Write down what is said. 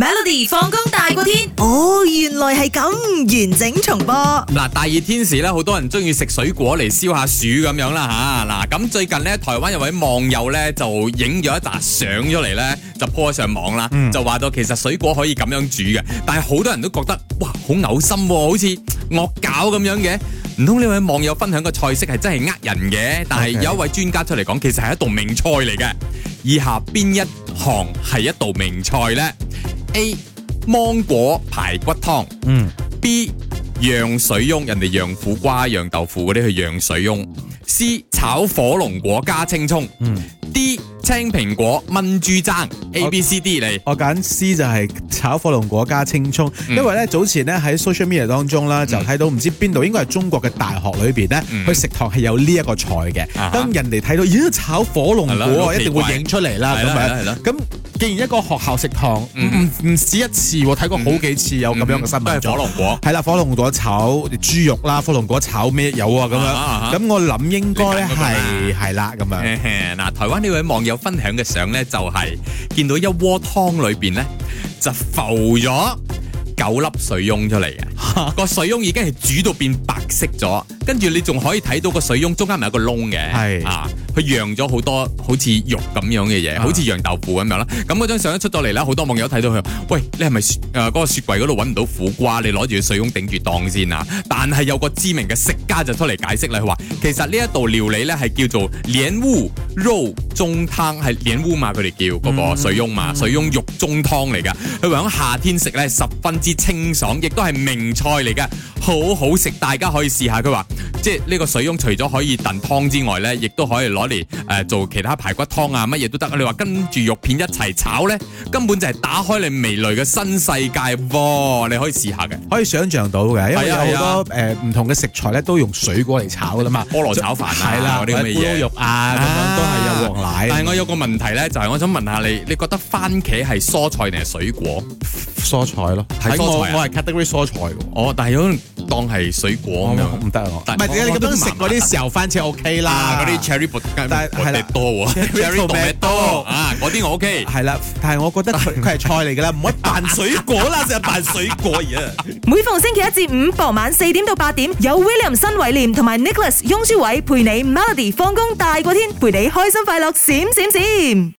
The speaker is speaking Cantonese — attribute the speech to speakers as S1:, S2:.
S1: Melody 放工大過天，哦，oh, 原來係咁完整重播。嗱，大熱天時咧，好多人中意食水果嚟消下暑咁樣啦吓。嗱、啊、咁、啊、最近咧，台灣有位網友咧就影咗一紮相咗嚟咧，就 po 上網啦，mm. 就話到其實水果可以咁樣煮嘅，但係好多人都覺得哇，好嘔心，好似惡搞咁樣嘅。唔通呢位網友分享嘅菜式係真係呃人嘅？Okay. 但係有一位專家出嚟講，其實係一道名菜嚟嘅。以下邊一行係一道名菜咧？A 芒果排骨湯，嗯。B 釀水翁，人哋釀苦瓜、釀豆腐嗰啲去釀水翁。C 炒火龍果加青蔥，嗯。D 青蘋果炆豬踭。A B C D 嚟，我揀 C 就係
S2: 炒火龍果加青蔥，因為咧早前咧喺 social media 當中啦，就睇到唔知邊度，應該係中國嘅大學裏邊咧，佢食堂係有呢一個菜嘅，當人哋睇到，咦炒火龍果，一定會影出嚟啦，咁樣，咁。既然一個學校食堂唔唔、嗯、止一次，睇過好幾次有咁樣嘅新聞、嗯，都係火龍果。係啦，火龍果炒豬肉啦，火龍果炒咩有啊？咁樣，樣，咁我諗應該係係啦，咁樣。
S1: 嗱，台灣呢位網友分享嘅相呢，就係見到一鍋湯裏邊呢，就浮咗九粒水翁出嚟嘅，個水翁已經係煮到變白色咗，跟住你仲可以睇到個水翁中間咪有個窿嘅，係啊。佢釀咗好多好似肉咁樣嘅嘢，好似釀豆腐咁樣啦。咁嗰張相一出到嚟啦，好多網友都睇到佢。喂，你係咪誒嗰個雪櫃嗰度揾唔到苦瓜？你攞住水翁頂住檔先啊！但係有個知名嘅食家就出嚟解釋啦，佢話其實呢一道料理咧係叫做蓮霧肉中湯，係蓮霧嘛，佢哋叫嗰個水翁嘛，水翁肉中湯嚟噶。佢話喺夏天食咧十分之清爽，亦都係名菜嚟噶，好好食，大家可以試下。佢話。即係呢個水翁除咗可以燉湯之外咧，亦都可以攞嚟誒做其他排骨湯啊，乜嘢都得。你話跟住肉片一齊炒咧，根本就係打開你味蕾嘅新世界、啊。你可以試下嘅，
S2: 可以想象到嘅，因為好多誒唔、啊啊呃、同嘅食材咧都用水果嚟炒噶啦嘛，菠蘿炒飯啊，啲咁嘅嘢，肉啊，咁
S1: 樣、啊、都係有黃奶、啊。但係我有個問題咧，就係我想問，問下你，你覺得番茄係蔬菜定係水果？蔬菜咯，係我我係 category 蔬菜嘅、啊。菜哦，但係當係水果
S2: 唔得。唔係你咁樣食嗰啲小番茄，O K 啦，嗰啲 cherry but 係啦多喎，cherry but 多啊，嗰啲我 O K 係啦，但係我覺得佢係菜嚟㗎啦，唔可以扮水果啦，成日扮水果而家！每逢星期一至五傍晚四點到八點，有 William 新偉廉同埋 Nicholas 雍舒偉陪你 Melody 放工大過天，陪你開心快樂閃閃閃。